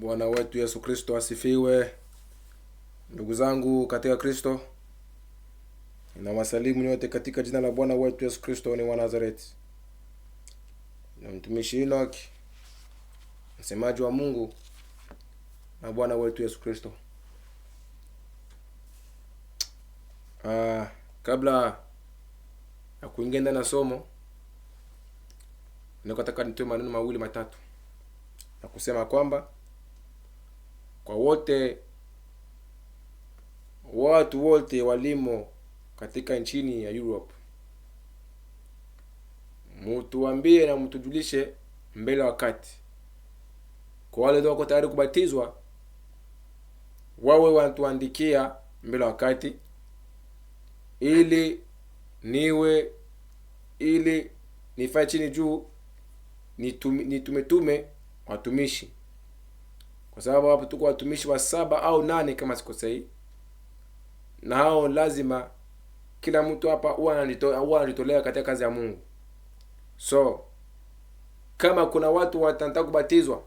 Bwana wetu Yesu Kristo asifiwe. Ndugu zangu katika Kristo, wasalimu nyote katika jina la Bwana wetu Yesu Kristo ni wa Na mtumishi Enoch, msemaji wa Mungu na Bwana wetu Yesu Kristo. Ah, kabla ya kuingia ndani ya somo, nikataka nitoe maneno mawili matatu na kusema kwamba kwa wote watu wote walimo katika nchini ya Europe. mutuambie na mtujulishe mbele wakati, kwa wale wako tayari kubatizwa wawe wanatuandikia mbele wakati, ili niwe ili nifae chini juu ni nitumetume watumishi kwa sababu hapo tuko watumishi wa saba au nane kama sikosei, na hao lazima kila mtu hapa huwa anajitolea katika kazi ya Mungu. So kama kuna watu wanataka kubatizwa,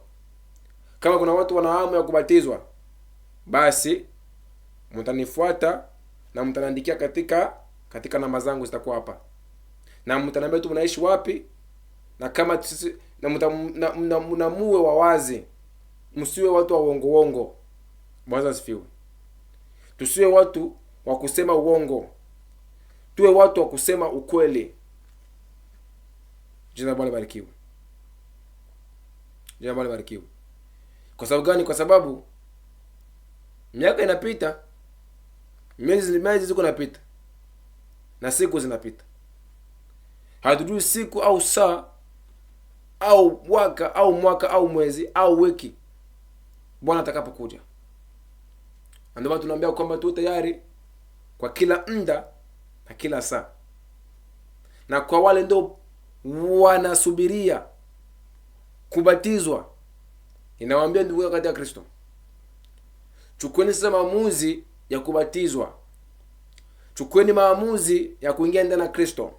kama kuna watu wana hamu ya kubatizwa, basi mtanifuata na mtaniandikia katika katika namba zangu zitakuwa hapa, na mtanambia tu mnaishi wapi, na kama na wa wawazi msiwe watu wa uongo uongo. Bwana sifiwe Tusiwe watu wa kusema uongo, tuwe watu wa kusema ukweli. Jina Bwana barikiwe, jina Bwana barikiwe. Kwa sababu gani? Kwa sababu miaka inapita, miezi miezi ziko napita na siku zinapita, hatujui siku au saa au mwaka au mwaka au mwezi au wiki Bwana atakapokuja. Ndio maana tunaambia kwamba tu tayari kwa kila mda na kila saa, na kwa wale ndio wanasubiria kubatizwa, inawaambia ndugu ya Kristo, chukueni sasa maamuzi ya kubatizwa, chukueni maamuzi ya kuingia ndani ya Kristo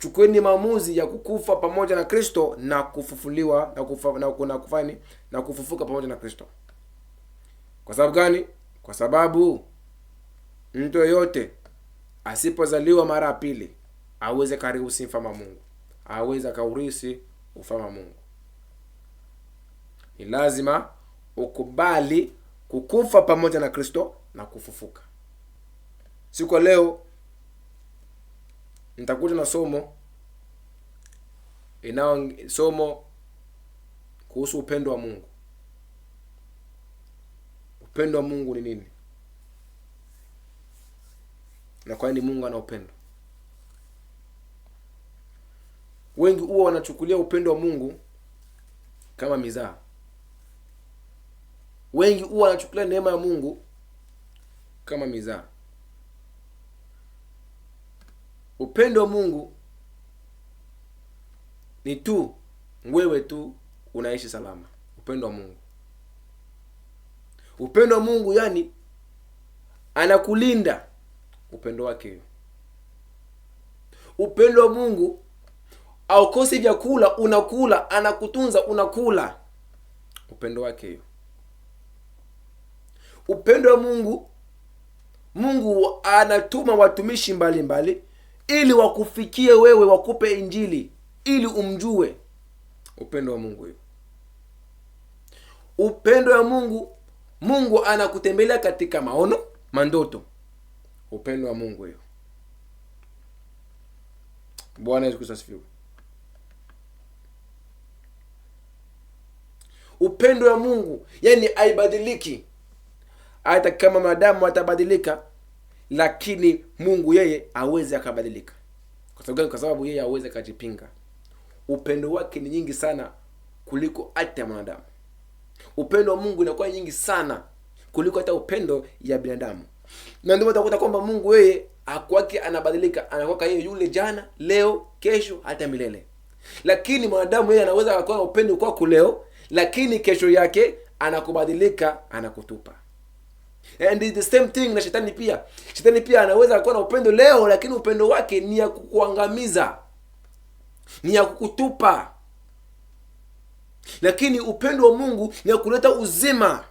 chukueni maamuzi ya kukufa pamoja na kristo na kufufuliwa na, kufa, na, na, kufani, na kufufuka pamoja na kristo kwa sababu gani kwa sababu mtu yoyote asipozaliwa mara ya pili aweze kariusi mfama mungu aweze akaurisi ufama mungu ni lazima ukubali kukufa pamoja na kristo na kufufuka siku leo nitakuja na somo inao somo kuhusu upendo wa Mungu. Upendo wa Mungu ni nini na kwa nini Mungu anaupendo Wengi huwa wanachukulia upendo wa Mungu kama mizaa. Wengi huwa wanachukulia neema ya Mungu kama mizaa upendo wa Mungu ni tu wewe tu unaishi salama. Upendo wa Mungu, upendo wa Mungu yani anakulinda upendo wake. Upendo wa Mungu aukosi vyakula, unakula, anakutunza, unakula. Upendo wake hiyo, upendo wa Mungu. Mungu anatuma watumishi mbalimbali mbali ili wakufikie wewe, wakupe Injili ili umjue. Upendo wa Mungu hiyo, upendo wa Mungu. Mungu anakutembelea katika maono, mandoto. Upendo wa Mungu hiyo. Bwana Yesu Kristo asifiwe. Upendo wa Mungu yani haibadiliki, hata kama madamu atabadilika lakini Mungu yeye aweze akabadilika. Kwa sababu gani? Kwa sababu yeye aweze akajipinga. Upendo wake ni nyingi sana kuliko hata ya mwanadamu. Upendo wa Mungu inakuwa nyingi sana kuliko hata upendo ya binadamu, na ndio utakuta kwamba Mungu yeye akwake anabadilika, anakuwa yeye yule jana, leo, kesho, hata milele. Lakini mwanadamu yeye anaweza akakuwa na upendo kwako leo, lakini kesho yake anakubadilika, anakutupa. And the same thing na shetani pia. Shetani pia anaweza kuwa na upendo leo, lakini upendo wake ni ya kukuangamiza, ni ya kukutupa. Lakini upendo wa Mungu ni ya kuleta uzima,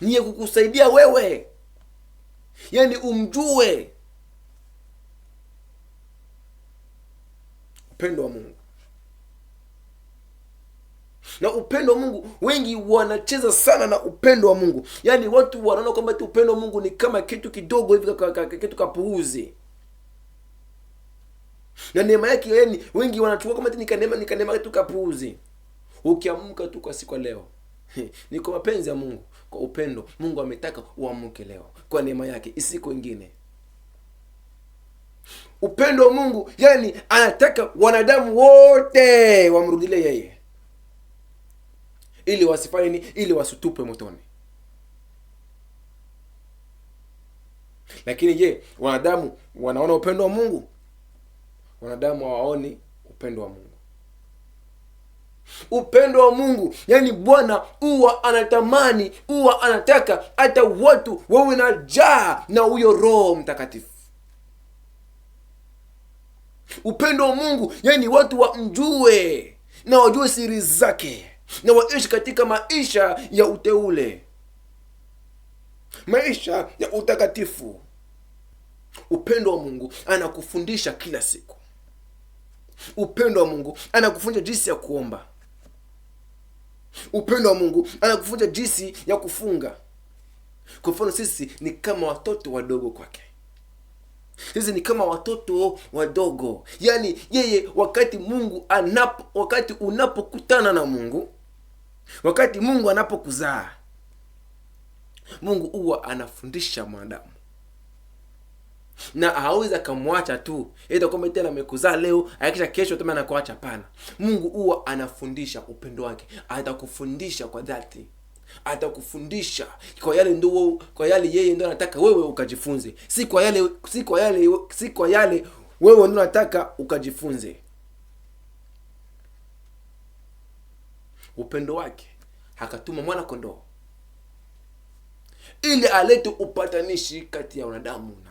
ni ya kukusaidia wewe, yaani umjue upendo wa Mungu na upendo wa Mungu. Wengi wanacheza sana na upendo wa Mungu, yaani watu wanaona kwamba upendo wa Mungu ni kama kitu kidogo hivi, kitu kapuuzi na neema yake. yani wengi wanachukua kama ni kanema, ni kanema tu kapuuzi. Ukiamka tu kwa siku leo ni kwa mapenzi ya Mungu, kwa upendo. Mungu ametaka uamke leo kwa neema yake, isiku ingine upendo wa Mungu, yani anataka wanadamu wote wamrudile yeye ili wasifanye ni ili wasitupe motoni lakini je wanadamu wanaona upendo wa mungu wanadamu hawaoni upendo wa mungu upendo wa mungu yaani bwana huwa anatamani huwa anataka hata watu wawe na jaa na huyo roho mtakatifu upendo wa mungu yaani watu wamjue na wajue siri zake na waishi katika maisha ya uteule, maisha ya utakatifu. Upendo wa Mungu anakufundisha kila siku. Upendo wa Mungu anakufundisha jinsi ya kuomba. Upendo wa Mungu anakufundisha jinsi ya kufunga. Kwa mfano, sisi ni kama watoto wadogo kwake. Sisi ni kama watoto wadogo, yaani yeye, wakati Mungu anapo, wakati unapokutana na Mungu Wakati Mungu anapokuzaa, Mungu huwa anafundisha mwanadamu na hawezi akamwacha tu, ila kwamba tena amekuzaa leo akisha kesho tena anakuacha. pana Mungu huwa anafundisha upendo wake, atakufundisha kwa dhati, atakufundisha kwa yale ndo kwa yale yeye ndo anataka wewe ukajifunze, si kwa yale, si kwa yale, si kwa yale wewe ndo unataka ukajifunze. upendo wake akatuma mwana kondoo ili alete upatanishi kati ya wanadamu na Mungu.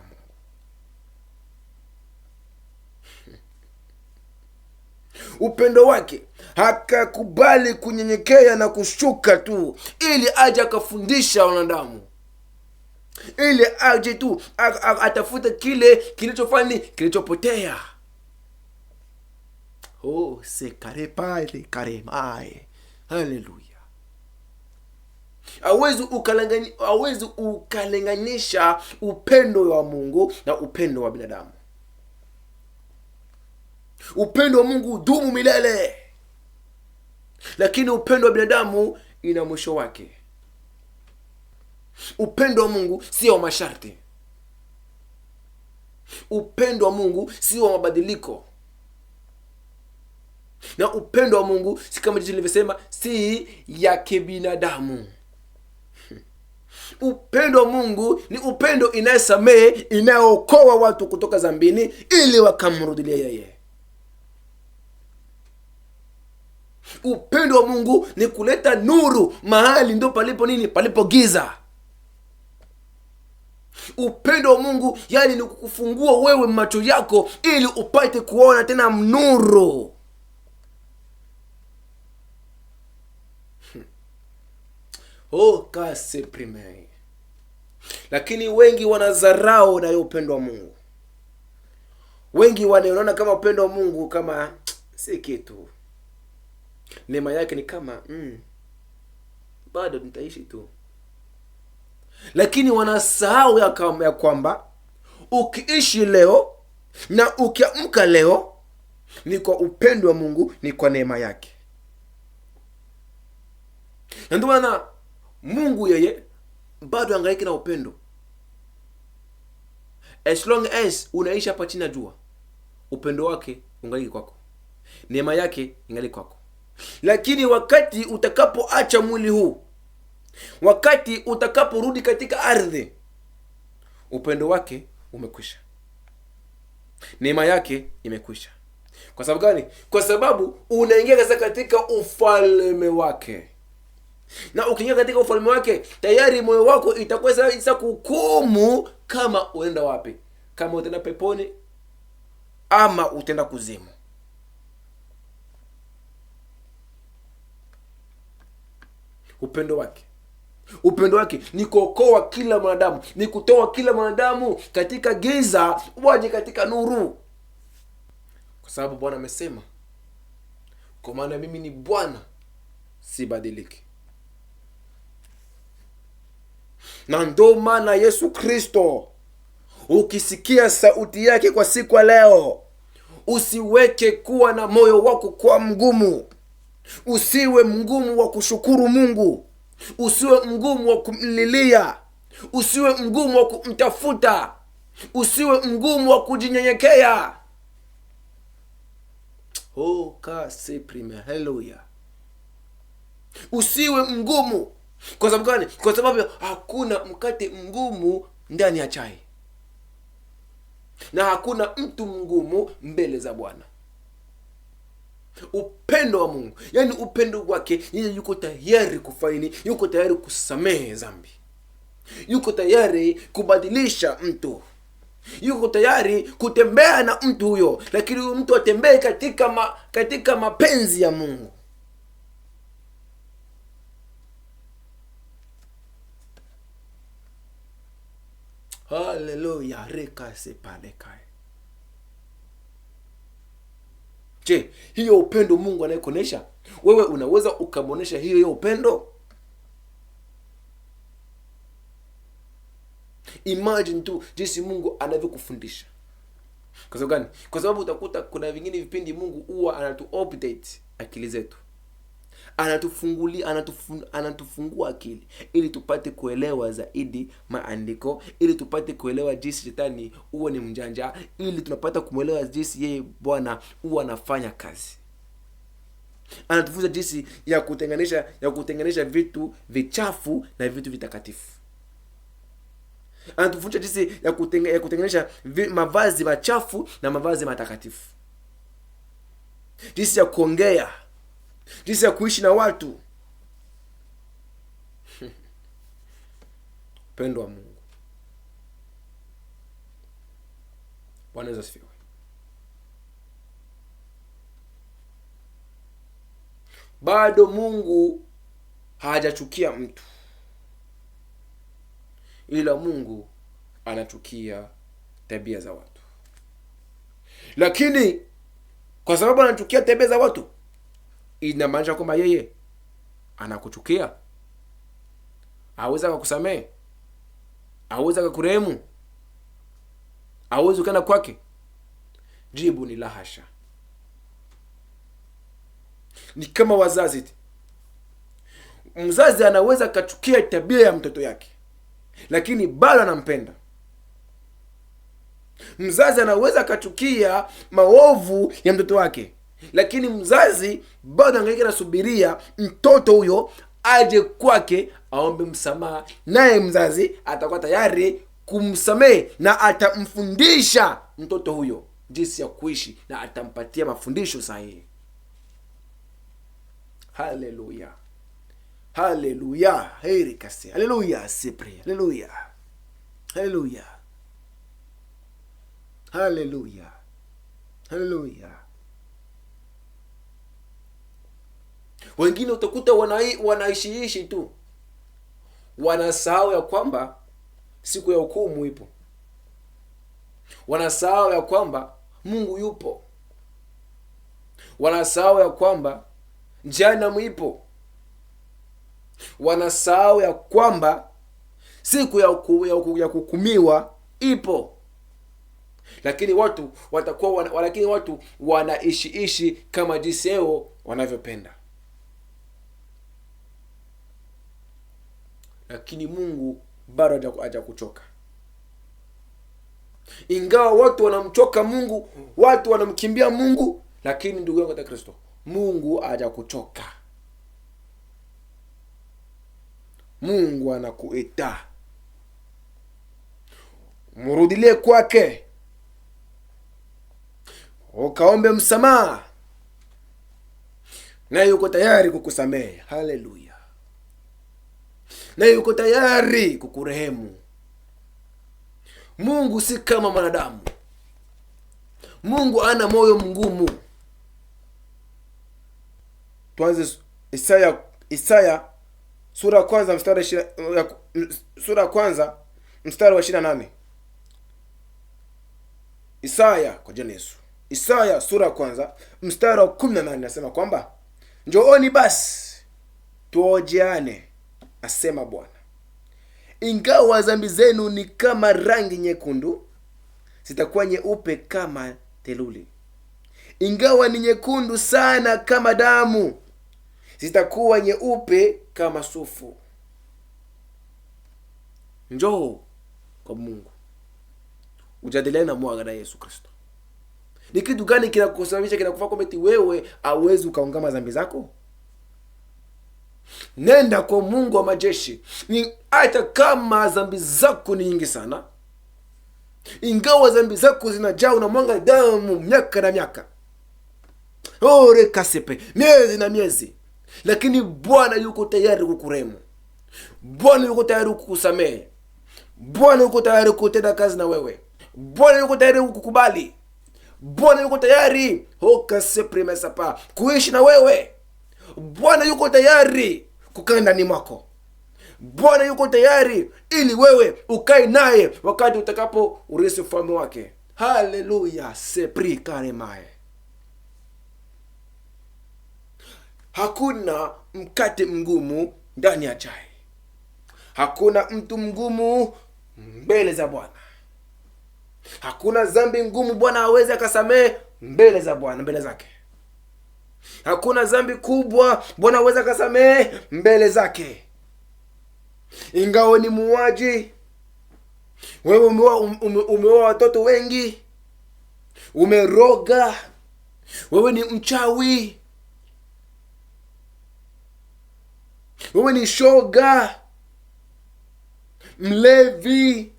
upendo wake akakubali kunyenyekea na kushuka tu ili aje akafundisha wanadamu ili aje tu atafute kile kilichofani kilichopotea. Oh, se kare pale haleluya hawezi ukalenganyisha upendo wa mungu na upendo wa binadamu upendo wa mungu hudumu milele lakini upendo wa binadamu ina mwisho wake upendo wa mungu sio wa masharti upendo wa mungu sio wa mabadiliko na upendo wa Mungu si kama jinsi nilivyosema, si ya kibinadamu. Upendo wa Mungu ni upendo inayosamehe, inayookoa watu kutoka zambini ili wakamrudilia yeye. Upendo wa Mungu ni kuleta nuru mahali ndo palipo nini, palipo giza. Upendo wa Mungu yani ni kukufungua wewe macho yako ili upate kuona tena nuru. o oh, primei. Lakini wengi wanadharau na upendo wa Mungu, wengi wanaona kama upendo wa Mungu kama si kitu, neema yake ni kama mm, bado nitaishi tu, lakini wanasahau ya, ya kwamba ukiishi leo na ukiamka leo ni kwa upendo wa Mungu, ni kwa neema yake. Ndio Mungu yeye bado angaiki na upendo. As long as unaishi hapa chini ya jua, upendo wake ungaliki kwako, neema yake ingaliki kwako. Lakini wakati utakapoacha mwili huu, wakati utakaporudi katika ardhi, upendo wake umekwisha, neema yake imekwisha. Kwa sababu gani? Kwa sababu unaingia sasa katika ufalme wake na ukiingia katika ufalme wake tayari moyo wako itakuwa sasa kuhukumu kama unaenda wapi kama utaenda peponi ama utaenda kuzimu upendo wake upendo wake ni kuokoa kila mwanadamu ni kutoa kila mwanadamu katika giza waje katika nuru kwa sababu bwana amesema kwa maana mimi ni bwana sibadiliki na ndo maana yesu kristo ukisikia sauti yake kwa siku ya leo usiweke kuwa na moyo wako kwa mgumu usiwe mgumu wa kushukuru mungu usiwe mgumu wa kumlilia usiwe mgumu wa kumtafuta usiwe mgumu wa kujinyenyekea oh, haleluya usiwe mgumu kwa sababu gani? Kwa sababu hakuna mkate mgumu ndani ya chai, na hakuna mtu mgumu mbele za Bwana. Upendo wa Mungu, yaani upendo wake yeye, yuko tayari kufaini, yuko tayari kusamehe zambi yuko tayari kubadilisha mtu yuko tayari kutembea na mtu huyo, lakini huyu mtu atembee katika ma, katika mapenzi ya Mungu. Haleluya, reka Je, hiyo upendo Mungu anayekuonesha wewe, unaweza ukamwonyesha hiyo hiyo upendo? Imagine tu jinsi Mungu anavyokufundisha. Kwa sababu gani? Kwa sababu utakuta kuna vingine vipindi Mungu huwa anatu update akili zetu anatufungulia anatufungua, akili ili tupate kuelewa zaidi maandiko, ili tupate kuelewa jinsi shetani huo ni mjanja, ili tunapata kumwelewa jinsi yeye Bwana huwa anafanya kazi. Anatufunza jinsi ya kutenganisha ya kutenganisha vitu vichafu na vitu vitakatifu anatufundisha jinsi ya, kutenga, ya kutenganisha mavazi machafu na mavazi matakatifu, jinsi ya kuongea jinsi ya kuishi na watu pendo wa mungu bwana bado mungu hajachukia mtu ila mungu anachukia tabia za watu lakini kwa sababu anachukia tabia za watu inamaanisha kwamba yeye anakuchukia, aweza akakusamehe, aweza akakurehemu, awezi ukaenda kwake? Jibu ni lahasha. Ni kama wazazi, mzazi anaweza akachukia tabia ya mtoto yake, lakini bado anampenda. Mzazi anaweza akachukia maovu ya mtoto wake lakini mzazi bado angaika nasubiria mtoto huyo aje kwake aombe msamaha, naye mzazi atakuwa tayari kumsamehe na atamfundisha mtoto huyo jinsi ya kuishi na atampatia mafundisho sahihi. Haleluya, haleluya, herikasi haleluya sipri, haleluya, haleluya, haleluya, haleluya. Wengine utakuta wanaishiishi tu, wanasahau ya kwamba siku ya hukumu ipo, wanasahau ya kwamba Mungu yupo, wanasahau ya kwamba jehanamu ipo, wanasahau ya kwamba siku ya, uku, ya, ya kuhukumiwa ipo lakini watu watakuwa wana, lakini watu wanaishiishi kama jinsi wanavyopenda. lakini Mungu bado kuchoka Ingawa watu wanamchoka Mungu, watu wanamkimbia Mungu, lakini ndugu yangu katika Kristo, Mungu kuchoka Mungu anakuita murudilie kwake, ukaombe msamaha, naye yuko tayari kukusamehe. Haleluya! na yuko tayari kukurehemu. Mungu si kama mwanadamu. Mungu ana moyo mgumu. Tuanze Isaya, Isaya sura ya kwanza mstari sura ya kwanza mstari wa ishiri na nane. Isaya kwa jina Yesu. Isaya sura ya kwanza mstari wa kumi na nane nasema kwamba njooni basi tuojeane asema Bwana, ingawa dhambi zenu ni kama rangi nyekundu, zitakuwa nyeupe kama teluli; ingawa ni nyekundu sana kama damu, zitakuwa nyeupe kama sufu. Njoo kwa Mungu ujadiliane na mwaga na Yesu Kristo. Ni kitu gani kinakusababisha, kinakufaa kwamba eti wewe awezi ukaungama dhambi zako? nenda kwa mungu wa majeshi ni hata kama zambi zako ni nyingi sana ingawa zambi zako zinajaa unamwanga damu miaka na miaka ore kasepe miezi na miezi lakini bwana yuko tayari kukuremu bwana yuko tayari kukusamehe bwana yuko tayari kutenda kazi na wewe bwana yuko tayari kukubali bwana yuko tayari hokasepremesapa oh, kuishi na wewe bwana yuko tayari kukaa ndani mwako. Bwana yuko tayari ili wewe ukae naye wakati utakapo urisi ufalme wake. Haleluya, sepri karemae. Hakuna mkate mgumu ndani ya chai, hakuna mtu mgumu mbele za Bwana, hakuna zambi ngumu Bwana aweze akasamehe mbele za Bwana, mbele zake. Hakuna zambi kubwa Bwana aweza kasamehe mbele zake. Ingawa ni muwaji wewe umewa watoto wengi, umeroga, wewe ni mchawi, wewe ni shoga, mlevi,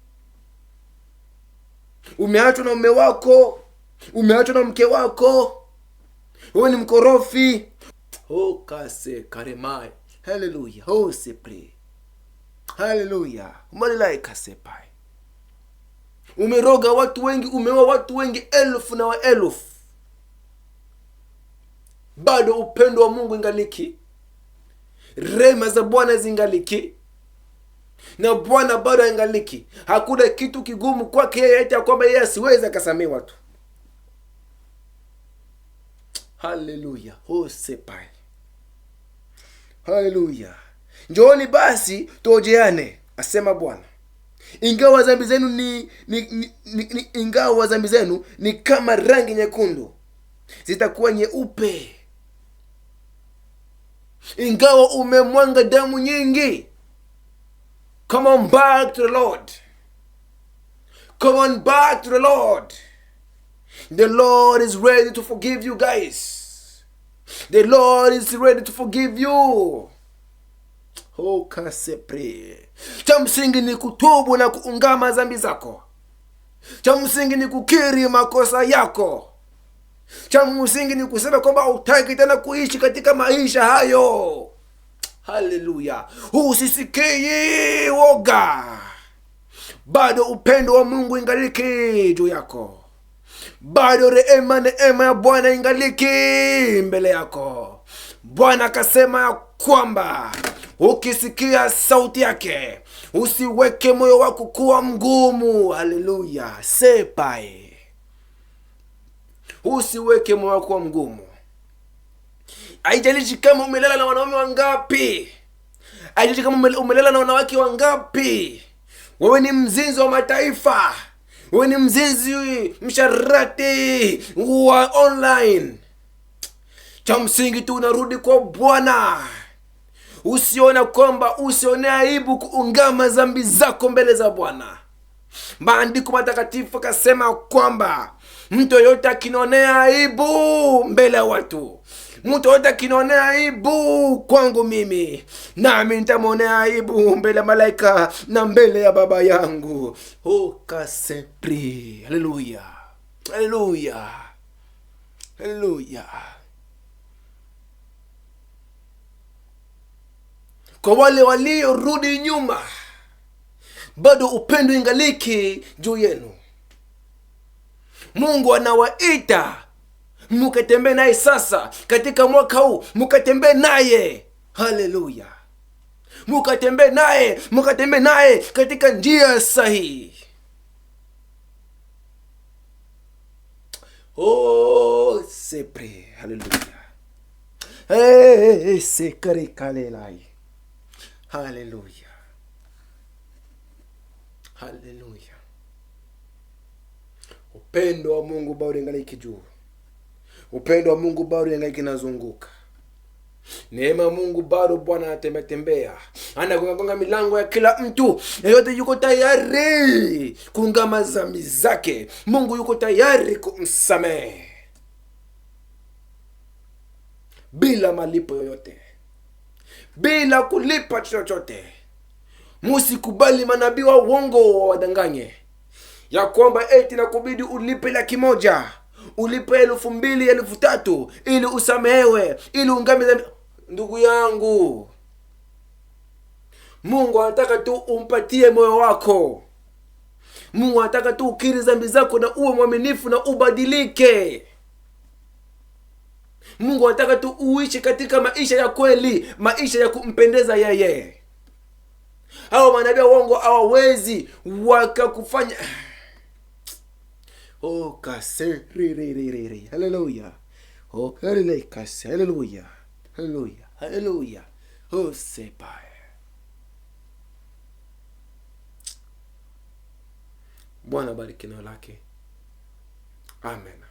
umeachwa na ume wako, umeachwa na mke wako wewe ni mkorofi hokase karemai haleluya hosepre haleluya malelaikasepai umeroga watu wengi umewa watu wengi elfu na wa elfu bado upendo wa mungu ingaliki rema za bwana zingaliki na bwana bado aingaliki hakuna kitu kigumu kwake yeye eti ya kwamba yeye asiwezi akasamee watu haleluya hosepai oh, haleluya njooni basi tuojeane asema bwana ingawa wazambi zenu ni, ni, ni, ni, ni ingawa dhambi zenu ni kama rangi nyekundu zitakuwa nyeupe ingawa umemwanga damu nyingi come on back to the lord come on back to the lord the lord is ready to forgive you guys The Lord is ready to forgive you. Hokasepre. Cha msingi ni kutubu na kuungama zambi zako. Cha msingi ni kukiri makosa yako. Cha msingi ni kusema kwamba utaki tena kuishi katika maisha hayo. Haleluya! Usisikii woga, bado upendo wa Mungu ingaliki juu yako bado rehema, neema ya Bwana ingaliki mbele yako. Bwana akasema ya kwamba ukisikia sauti yake usiweke moyo wako kuwa mgumu. Haleluya, sepae, usiweke moyo wako kuwa mgumu. aijalishi kama umelala na wanaume wangapi, aijalishi kama umelala na wanawake wangapi, wewe ni mzinzi wa mataifa wewe ni mzinzi, msharati wa online. Cha msingi tu unarudi kwa Bwana, usiona kwamba usione aibu kuungama dhambi zako mbele za Bwana. Maandiko matakatifu akasema kwamba mtu yoyote akinonea aibu mbele ya watu mtu yote akinionea aibu kwangu mimi, nami nitamwonea aibu mbele ya malaika na mbele ya Baba yangu. Oh, kasepri. Haleluya, haleluya, haleluya. Kwa wale waliorudi nyuma, bado upendo ingaliki juu yenu. Mungu anawaita mukatembee naye sasa katika mwaka huu mukatembee naye haleluya mukatembee naye mukatembee naye katika njia sahihi oh, sepre haleluya sekarikalelai haleluya haleluya upendo wa mungu bauringaliki juu upendo wa Mungu bado yangaiki nazunguka neema Mungu bado Bwana anatembea anagongagonga milango ya kila mtu. Yeyote yuko tayari kuungama dhambi zake, Mungu yuko tayari kumsamehe bila malipo yoyote, bila kulipa chochote. Musikubali manabii wa uongo wawadanganye ya kwamba eti kubidi ulipe laki moja ulipe elfu mbili elfu tatu ili usamehewe ili ungame ndugu yangu mungu anataka tu umpatie moyo wako mungu anataka tu ukiri zambi zako na uwe mwaminifu na ubadilike mungu anataka tu uishi katika maisha ya kweli maisha ya kumpendeza yeye hawa manabia wongo hawawezi wakakufanya Oh, kasir. Hallelujah. Oh, hallelujah. Hallelujah. Hallelujah. Oh, sepai. Buona, bariki neno lake. Amen.